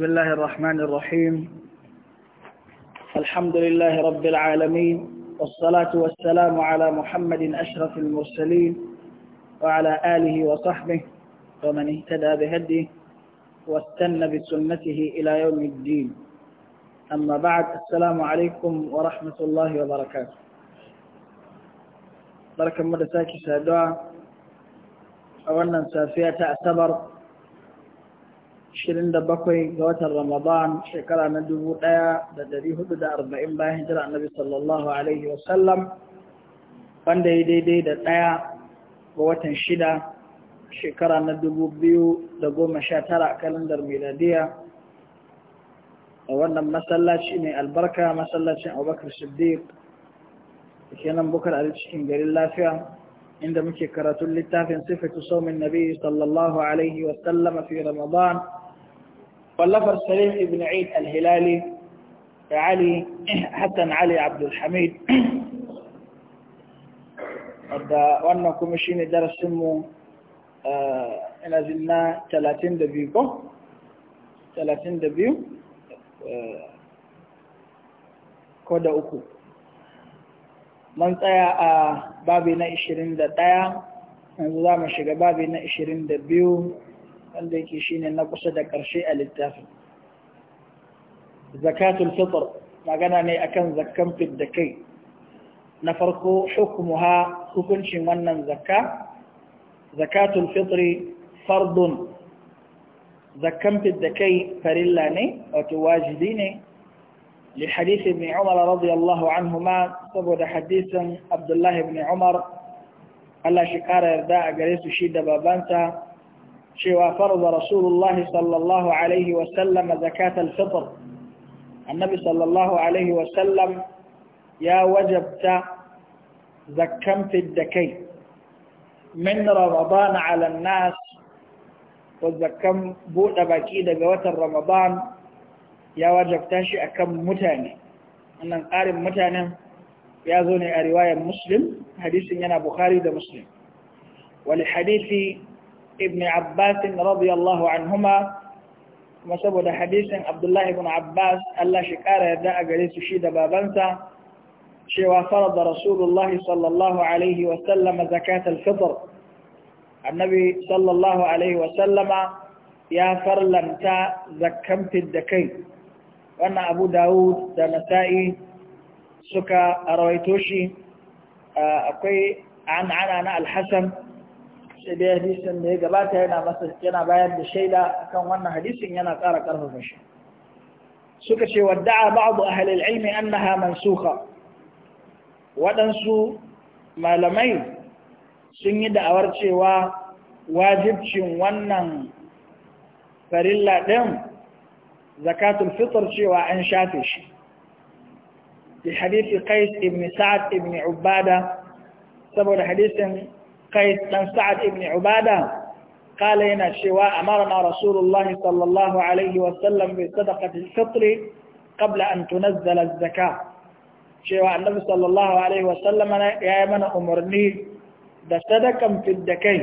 بسم الله الرحمن الرحيم الحمد لله رب العالمين والصلاة والسلام على محمد أشرف المرسلين وعلى آله وصحبه ومن اهتدى بهديه واستنى بسنته إلى يوم الدين أما بعد السلام عليكم ورحمة الله وبركاته بركة مدساكي سادوا أولا سافية أعتبر 27 ga watan Ramadan shekara na 1440 bayan hijira annabi sallallahu alaihi wasallam wanda ya daidai da ɗaya ga watan shida shekara na 2019 a kalandar miladiya a wannan masallaci mai albarka masallacin abubakar siddiq da ke nan bukar a cikin garin lafiya عند مشكرة للتافن صفة صوم النبي صلى الله عليه وسلم في رمضان واللفر سليم ابن عيد الهلالي علي حتى علي عبد الحميد وانا كمشيني درس ne darasinmu 30 zinna 32 ko? 32 ko man tsaya a babi na 21 yanzu za mu shiga babi na 22 wanda yake shine na kusa da ƙarshe a littafin zakatul fitr magana ne akan zakkan fit da kai na farko hukumuha hukuncin wannan zakka zakatul fitri fardun zakkan fit da kai farilla ne wato wajibi ne لحديث ابن عمر رضي الله عنهما صبر حديثا عبد الله بن عمر ألا شكار إرداء قريس شيد بابانتا شوى فرض رسول الله صلى الله عليه وسلم زكاة الفطر النبي صلى الله عليه وسلم يا وجبت زكم في الدكي من رمضان على الناس وزكم بوت بكيدة بوتر رمضان ya wajabta shi akan mutane wannan tsarin mutanen ya zo ne a riwayar muslim hadisin yana bukhari da muslim wal hadisi ibn abbas radiyallahu anhuma kuma saboda hadisin abdullah ibn abbas Allah shi kara yadda a gare su shi da babansa cewa farada rasulullahi sallallahu alaihi wasallama zakat al-fitr annabi sallallahu alaihi wasallama ya farlanta zakkan fidda kai wannan abu dawud da nasa'i suka rawaito shi akwai an na alhassan sai dai da ya gabata yana masa yana bayar da shaida kan wannan hadisin yana kara karfafa shi suka ce wadda'a ba'du a al-ilmi annaha mansukha waɗansu malamai sun yi da'awar cewa wajibcin wannan farilla ɗin زكاة الفطر شيء وانشاف شيء في حديث قيس بن سعد بن عبادة ب ا سبب الحديث قيس بن سعد بن عبادة قال هنا شواء امرنا رسول الله صلى الله عليه وسلم بصدقة الفطر قبل أن تنزل الزكاة ل ز النبي صلى الله عليه وسلم يا من أمرني م في الدكي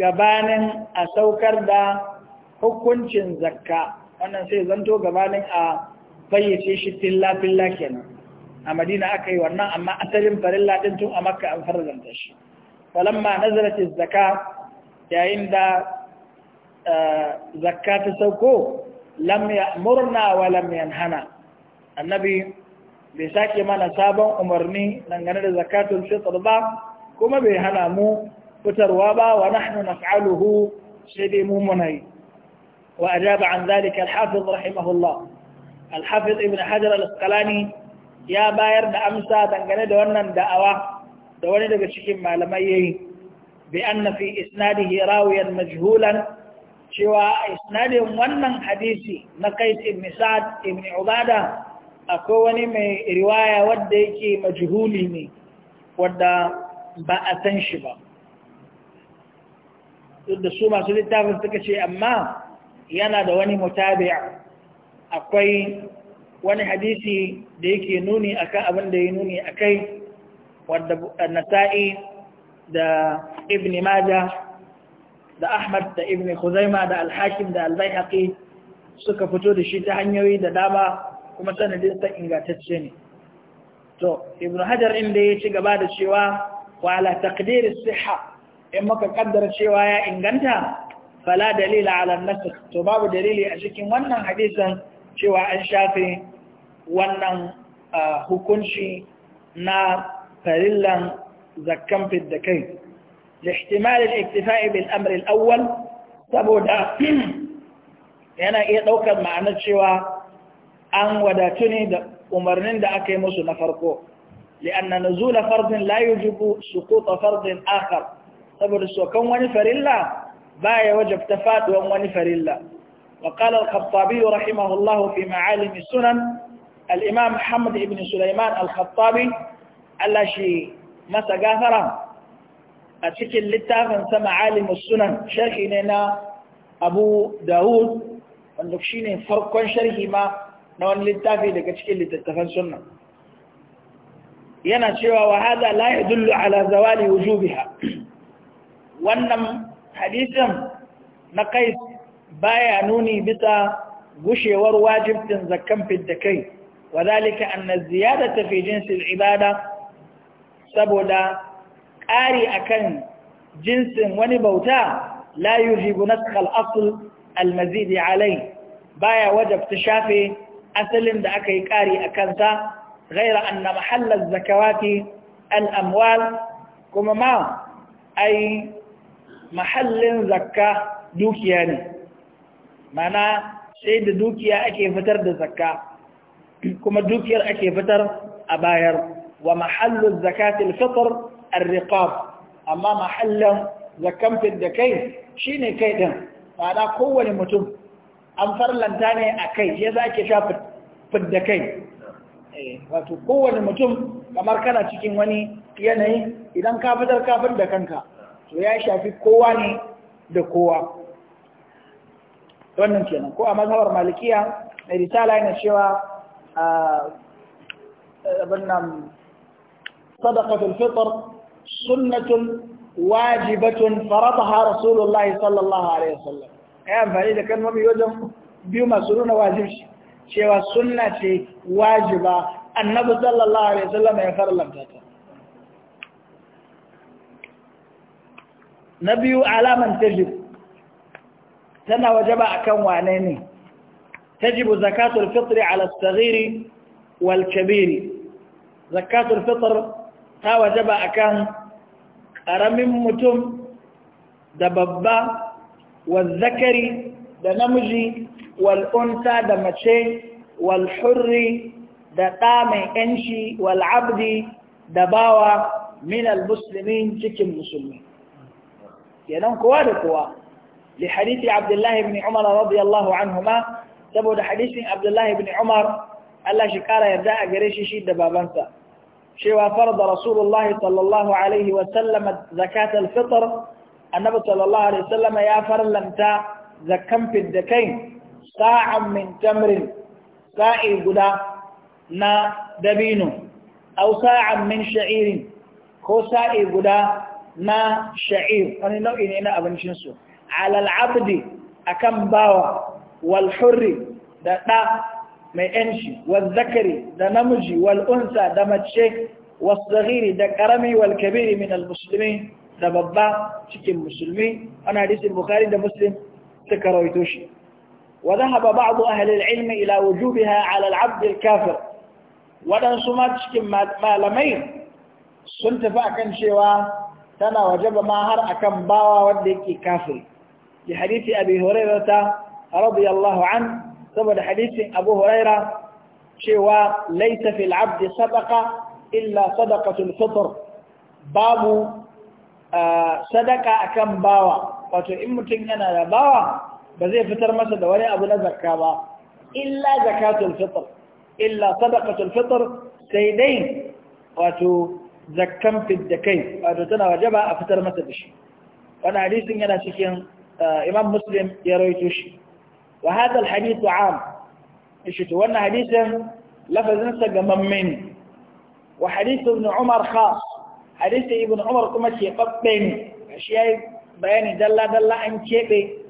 جبان أسوكر س hukuncin zakka wannan sai zanto gabanin a fayyace shi filla-filla kenan a madina aka yi wannan amma asalin farilla ɗin tun a makka an farzanta shi falamma nazarati zakka yayin da eh, zakka ta sauko lam ya'murna wa lam yanhana annabi bai sake mana sabon umarni dangane da zakatul fitr ba kuma bai hana mu fitarwa ba wa nahnu naf'aluhu sai dai mu muna yi وأجاب عن ذلك الحافظ رحمه الله الحافظ ابن حجر الاسقلاني ya bayar da amsa dangane da wannan da'awa da wani daga cikin malamai yayi bi anna fi isnadihi rawiyan majhulan cewa isnadin wannan hadisi na Qais ibn Sa'd ibn Ubada akwai wani mai riwaya wanda yake majhuli ne wanda ba a san shi ba duk da su masu littafin suka ce amma yana da wani mutabi'a akwai wani hadisi da yake nuni akan abin da ya nuni akai wadda nasa'i da ibn majah da ahmad da ibn khuzaima da al-hakim da al-baihaqi suka fito da shi ta hanyoyi da dama kuma sanadin sa ingantacce ne to ibn hajar inda ya ci gaba da cewa wala ala siha sihha in maka kaddara cewa ya inganta fala dalila ala nasakh to babu dalili a cikin wannan hadisin cewa an shafe wannan hukunci na farillan zakkan fidda kai lihtimal al-iktifa'i bil amr al-awwal saboda yana iya daukar ma'anar cewa an wadatu ne da umarnin da aka yi musu na farko li'anna nuzula fardin la yujibu suquta fardin akhar saboda sokan wani farilla باي وجب تفات ومنفر الله وقال الخطابي رحمه الله في معالم السنن الإمام محمد بن سليمان الخطابي الذي مسا قاثرا أتكل لتافن سمع عالم السنن شرحيننا أبو داود ونكشيني فرق كون شرحي ما نون لتافي لك أتكل لتتفن سنة ينا وهذا لا يدل على زوال وجوبها ونم hadisin na kai baya nuni bisa gushewar wajibcin zakkan fiddakai wadalika anna ziyadata fi jinsil ibada saboda ƙari akan jinsin wani bauta la yujibu nasakh al-asl al-mazid alai baya wajabta shafe asalin da aka yi ƙari a kansa ghaira anna mahallar zakawati al-amwal kuma ma ai mahallin zakka dukiya ne mana sai da dukiya ake fitar da zakka kuma dukiyar ake fitar a bayar wa mahallin zakatul fitr ar-riqab amma mahallin zakkan fidda kai ne kai din mana kowane mutum an farlanta ne a kai ya zake sha fidda kai eh, wato kowane mutum kamar kana cikin wani yanayi idan ka fitar kafin da kanka to ya shafi kowa ne da kowa wannan kenan ko a mazhabar malikiya mai risala yana cewa abin nan sadaqatul fitr sunnatun wajibatun faradaha rasulullahi sallallahu alaihi wasallam ai amfani da kalmomi wajen biyu masu nuna wajibi cewa sunna ce wajiba annabi sallallahu alaihi wasallam ya farlanta ta na biyu alaman tajib tana wajaba akan wane ne tajibu zakatul fitri ala saghiri wal kabiri zakatul fitr ta wajaba akan karamin mutum da babba wal zakari da namiji wal unta da mace wal hurri da ɗa mai ‘yanci wal'abdi da bawa min al-musulmin cikin musulmi. kenan kowa da kowa li hadisi abdullahi ibn umar radiyallahu anhuma saboda hadisin abdullahi ibn umar Allah shi kara yarda a gare shi shi da babansa cewa farda rasulullahi sallallahu alaihi wa sallam zakat al-fitr annabi sallallahu alaihi wa sallam ya farlanta zakkan fiddakai sa'an min tamrin sa'i guda na dabino aw sa'an min sha'irin ko sa'i guda na sha'ir wani nau'i ne na abincinsu alal abdi akan bawa wal hurri da ɗa mai ‘yanci wal zakari da namiji wal unsa da mace wal da ƙarami wal kabiri min al musulmi da babba cikin musulmi wani hadisin bukari da muslim suka rawaito shi wa zahaba ba'du ahli al-ilm ila wujubiha ala al-abd al-kafir wadansu ma cikin malamai sun tafi akan cewa tana wajaba ma har akan bawa wanda yake kafiri li hadisi abi ta radiyallahu an saboda hadisin abu huraira cewa laita fil abdi sadaqa illa sadaqatul fitr babu sadaka akan bawa wato in mutum yana da bawa ba zai fitar masa da wani abu na zakka ba illa zakatul fitr illa sadaqatul fitr sai dai wato zakkan fiddakai wato tana wajaba a fitar masa da shi wani hadisin yana cikin imam muslim ya rawaito shi wa hadha alhadith am shi to wannan hadisin lafazin sa gamamme ne wa hadith ibn umar khas hadith ibn umar kuma ke babbe ne shi yayi bayani dalla dalla an kebe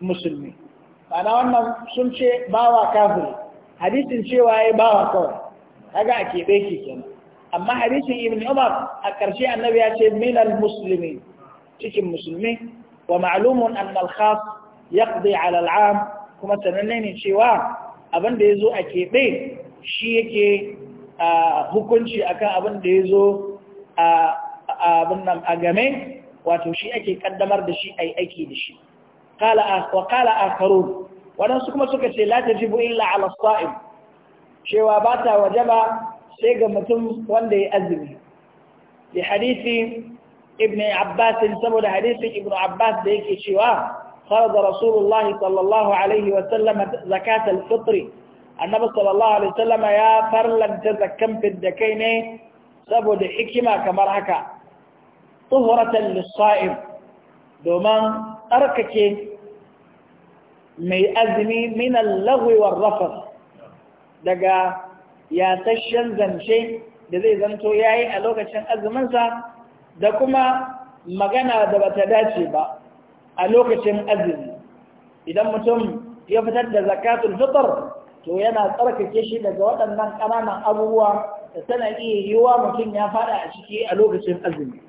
musulmi ana wannan sun ce bawa kafiri hadisin cewa yayi bawa kawai kaga a kebe kenan amma hadisin ibn umar a ƙarshe annabi ya ce minal musulmi cikin musulmi wa ma'lumun anna al-khas yaqdi ala al kuma sananne ne cewa abin da yazo a keɓe shi yake hukunci akan abin da yazo a abin nan a game wato shi ake kaddamar da shi ai aiki da shi qala wa qala akharun wadansu kuma suka ce la tajibu illa ala as-sa'im cewa ba ta wajaba sai ga mutum wanda ya azumi da hadisi ibn Abbas saboda hadisin ibn Abbas da yake cewa farada Rasulullahi sallallahu alaihi wa sallam zakat al annabi sallallahu alaihi wa sallam ya farlanta zakkan fidda kai ne saboda hikima kamar haka tuhuratan lis domin tsarkake mai azumi min al rafas daga yasashen zance da zai zanto ya yi a lokacin azuminsa da kuma magana da bata dace ba a lokacin azumi idan mutum ya fitar da zakatun zubar to yana tsarkake shi daga waɗannan ƙananan abubuwa da tana iya yiwuwa mutum ya faɗa a ciki a lokacin azumi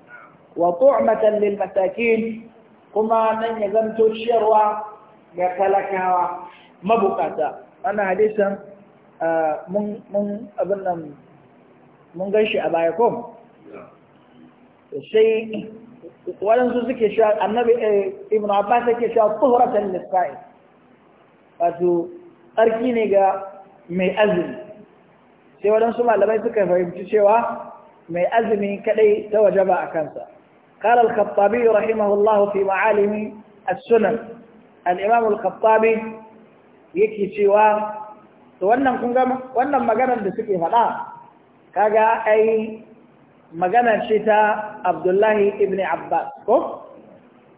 wa tu'matan lil matakin, kuma nan ya zanto ciyarwa ga talakawa mabukata Ana hadisan mun abin nan mun gan shi a baya ko sai waɗansu suke sha annabi eh, ibn abbas yake sha tuhuratan lissa'i wato tsarki ne ga mai azumi sai waɗansu malamai suka fahimci cewa mai azumi kadai ta waje ba a kansa قال الخطابي رحمه الله في معالم السنن الإمام الخطابي يكي سواه to wannan kun ga wannan maganar da suke faɗa kaga ai maganar ce ta Abdullahi ibn Abbas ko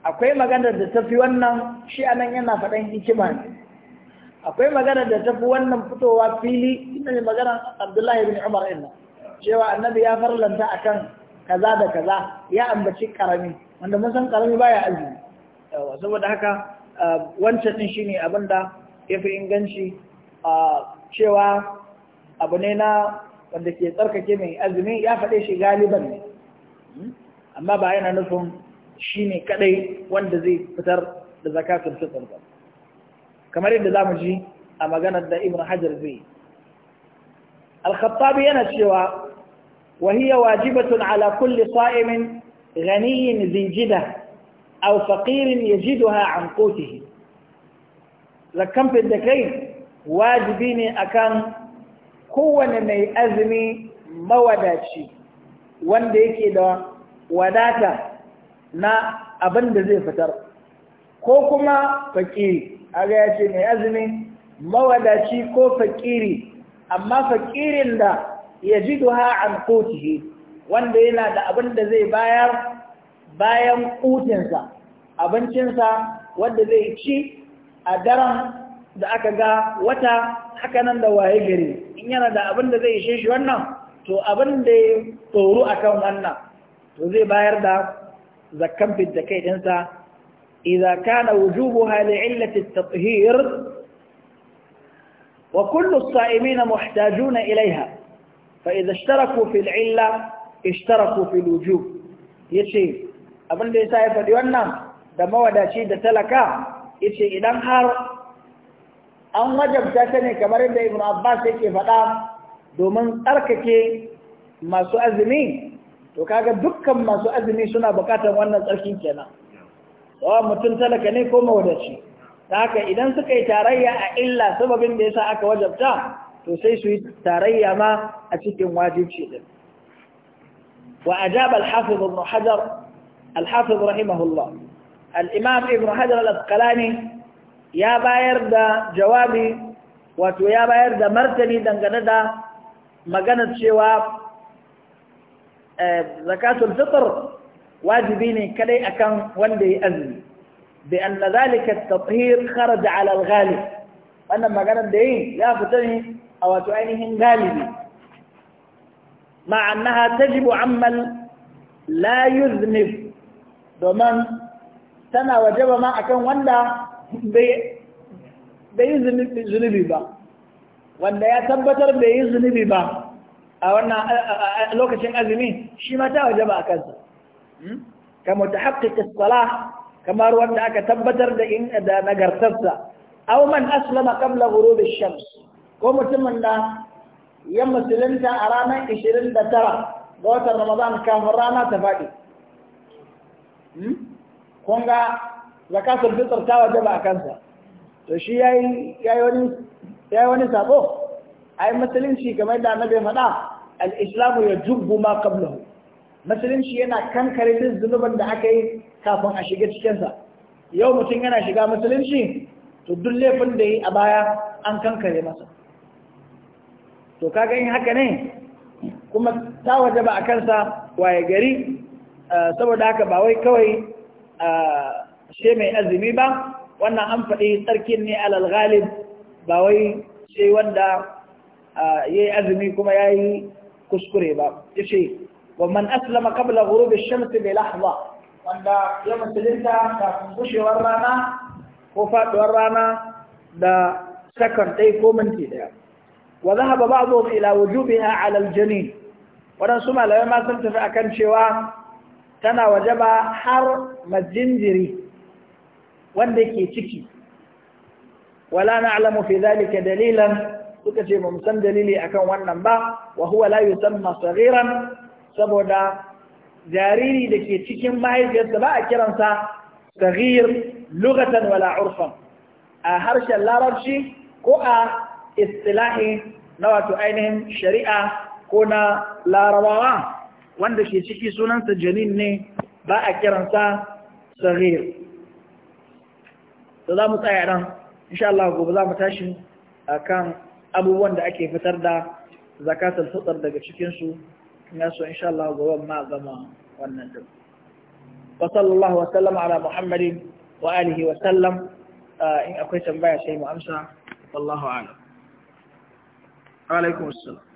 akwai maganar da tafi wannan shi anan yana faɗan hikima ne akwai maganar da tafi wannan fitowa fili ina ne maganar Abdullahi ibn Umar inna cewa annabi ya farlanta akan kaza da kaza ya ambaci karami wanda mun san karami baya azumi saboda haka uh, wancan din shine abin da yafi inganci a uh, cewa abu ne na wanda ke tsarkake mai azumi ya faɗe shi galiban ne amma ba yana nufin shi ne kaɗai wanda zai fitar da zakatun fitar ba kamar yadda za mu ji a maganar da ibn hajar zai al yana cewa wahiyya wajibatun ala kulli sa'imin ghaniyin zi da aw faqirin yajiduha an qutihi zakamfin da kai wajibi ne akan kowane mai azumi mawadaci wanda yake da wadata na abin da zai fitar ko kuma fakiri aga ya ce mai azumi mawadaci ko fakiri amma fakirin da ya ji duha an kotihi wanda yana da abin da zai bayar bayan kutinsa abincinsa wanda zai ci a daren da aka ga wata haka nan da waye gari in yana da abin da zai ishe shi wannan to abin da ya tsoro akan wannan to zai bayar da zakkan fidda kai ɗinsa idza kana wujubuha li'illati at-tathhir wa kullu as-sa'imin muhtajun ilayha fa idza ishtaraku fil 'illa ishtaraku fil wujub yace abin da sa ya faɗi wannan da mawadaci da talaka yace idan har an wajabta ta ne kamar yadda ibn abbas yake faɗa domin tsarkake masu azumi to kaga dukkan masu azumi suna bukatar wannan tsarkin kenan tsawon mutum talaka ne ko mawadaci ta haka idan suka yi tarayya a illa sababin da yasa aka wajabta to sai su yi tarayya ma a cikin wajibci din wa ajab al-hafiz ibn hajar al-hafiz rahimahullah al-imam ibn hajar al-asqalani ya bayar da jawabi wato ya bayar da martani dangane da maganar cewa eh, zakatul fitr wajibi ne kadai akan wanda ya azumi bi anna zalika at-tathhir kharaja 'ala al-ghalib wannan maganar da yin ya fita ne a wato ainihin galibi ma annaha tajibu amman la yuznib domin tana wajaba ma akan wanda bai yi zunubi ba wanda ya tabbatar bai yi zunubi ba a wannan lokacin azumi shi ma ta waje ba a kansa hmm? kama ta haƙƙiƙa tsala kamar wanda aka tabbatar da in da nagartarsa aw man aslama qabla ghurub ash-shams ko mutumin da ya musulunta a ranar 29 ga watan Ramadan kafin rana ta faɗi hmm? kun ga zakatul fitr ta ba a kansa to shi yayi yayi wani yayi wani sabo ai musulunci kamar da annabi faɗa al-islamu yajubbu ma qablahu musulunci yana kankare duk zunuban da aka yi kafin a shiga cikinsa yau mutum yana shiga musulunci to duk laifin da yi a baya an kankare masa to kaga in haka ne kuma ta waje ba a kansa waye gari eh, saboda haka ba wai kawai eh, she mai azumi ba wannan an faɗi tsarkin ne alal ghalib ba wai shi wanda azumi kuma ya yi kuskure ba yace wa man aslama qabla ghurubi shamsi bi lahza wanda ya musulunta kafin gushewar rana ko faduwar rana da sakan dai ko minti daya. wa zahaba ba'dhum ila wujubiha 'ala al-janin waɗansu malamai ma sun tafi akan cewa tana wajaba har majinjiri wanda ke ciki wala na'lamu fi dhalika dalilan suka ce ba mu san dalili akan wannan ba wa huwa la yusamma saghiran saboda jariri da ke cikin mahaifiyarsa ba a kiransa saghir lugatan wala urfan a harshen larabci ko a istilahi na wato ainihin shari'a ko na larabawa wanda ke ciki sunansa janin ne ba a kiransa saghir to za mu tsaya nan insha Allah gobe za mu tashi akan abubuwan da ake fitar da zakatul fitr daga cikin su ina so insha Allah gobe ma gama wannan din wa sallallahu wa sallama ala muhammadin wa alihi wa sallam in akwai tambaya sai mu amsa wallahu a'lam alaikum assalam